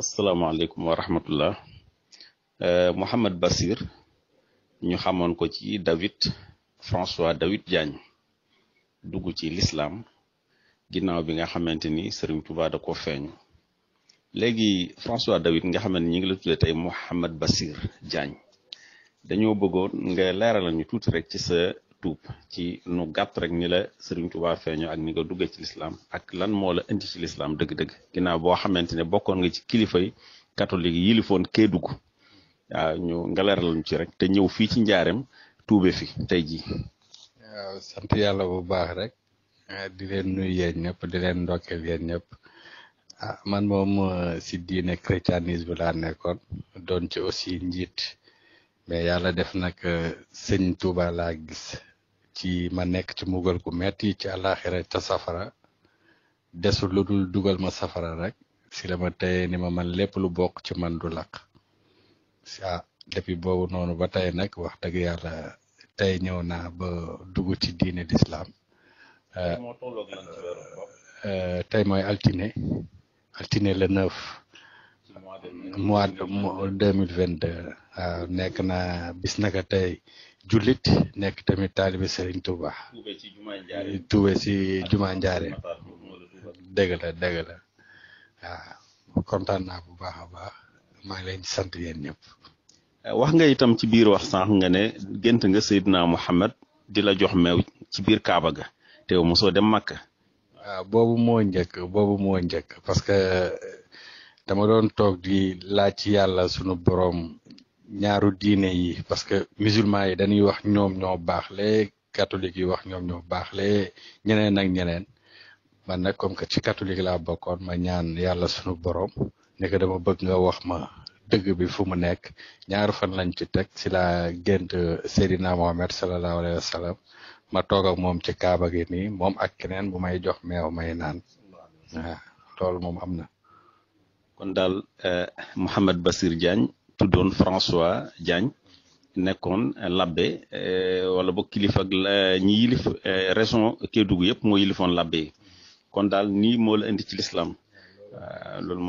asalaamaaleykum wa rahmatullah euh, Mouhamed basir ñu xamoon ko ci David François David Diagne dugg ci lislaam ginnaaw bi nga xamante ni Serigne Touba da ko feeñu léegi François David nga xamante ni ñu ngi la tuddee tey Mouhamed Bassir Diagne dañoo bëggoon nga leeralal ñu tuuti rek ci sa tuub ci nu gàtt rek ni la Serigne Touba feeñoo ak ni nga duggee ci lislaam ak lan moo la indi ci lislaam dëgg-dëgg ginnaaw boo xamante ne bokkoon nga ci kilifa yi catholique yi yilifoon Kédougou waaw ñu nga leeralal ñu ci rek te ñëw fii ci njaareem tuube fi tey jii. waaw sant yàlla bu baax rek eh, di leen nuy yéen ñëpp di leen ndokkeel yéen ñëpp ah man moom eh, si diine christianisme laa nekkoon doon ci aussi njiit mais yàlla def nag eh, sëñ Touba laa gis ci ma nekk ci mbugal gu metti ci àllaaxira ca safara desu lu dul dugal ma safara rek si la ma teyee ni ma man lépp lu bokk ci man du lakk ah depuis boobu noonu ba tey nag wax dëgg yàlla tey ñëw naa ba dugg ci diine lislaam tey euh, euh, mooy altine altine le neuf mois deux mille vingt deux waaw ah, nekk na bis naka tey jullit nekk tamit taalibe Serigne Touba. tuube ci jumaa njaare tuube ci jumaa la dëgg la waaw kontaan naa bu baax a baax maa ngi sant yéen ñëpp. Eh, wax nga itam ci biir wax sànq nga ne gént nga Seydina Muhammad di la jox meew ci biir Kaaba ga te mosoo dem Makka. waaw ah, boobu moo njëkk boobu moo njëkk parce que eh, dama doon toog di laaj ci yàlla sunu borom ñaaru diine yi parce que musulman yi dañuy wax ñoom ñoo le catholique yi wax ñoom baax le ñeneen ak ñeneen man nag comme que ci catholique la bokkoon ma ñaan yàlla sunu borom ne que dama bëgg wax ma dëgg bi fu mu nekk ñaar fan lañ ci teg si la gént Seydina Mohamed sallallahu alayhi wa ma toog ak moom ci kaaba gi nii moom ak keneen bu may jox meew may naan tool loolu moom am na. kon daal eh, Mouhamed Bassir Diagne. tuddoon François Diagne nekkoon e wala boog kilifag ak eh, ñi yilif eh, région Kédougou yëpp moo yilifoon labbe yi kon daal ni moo la indi ci lislaam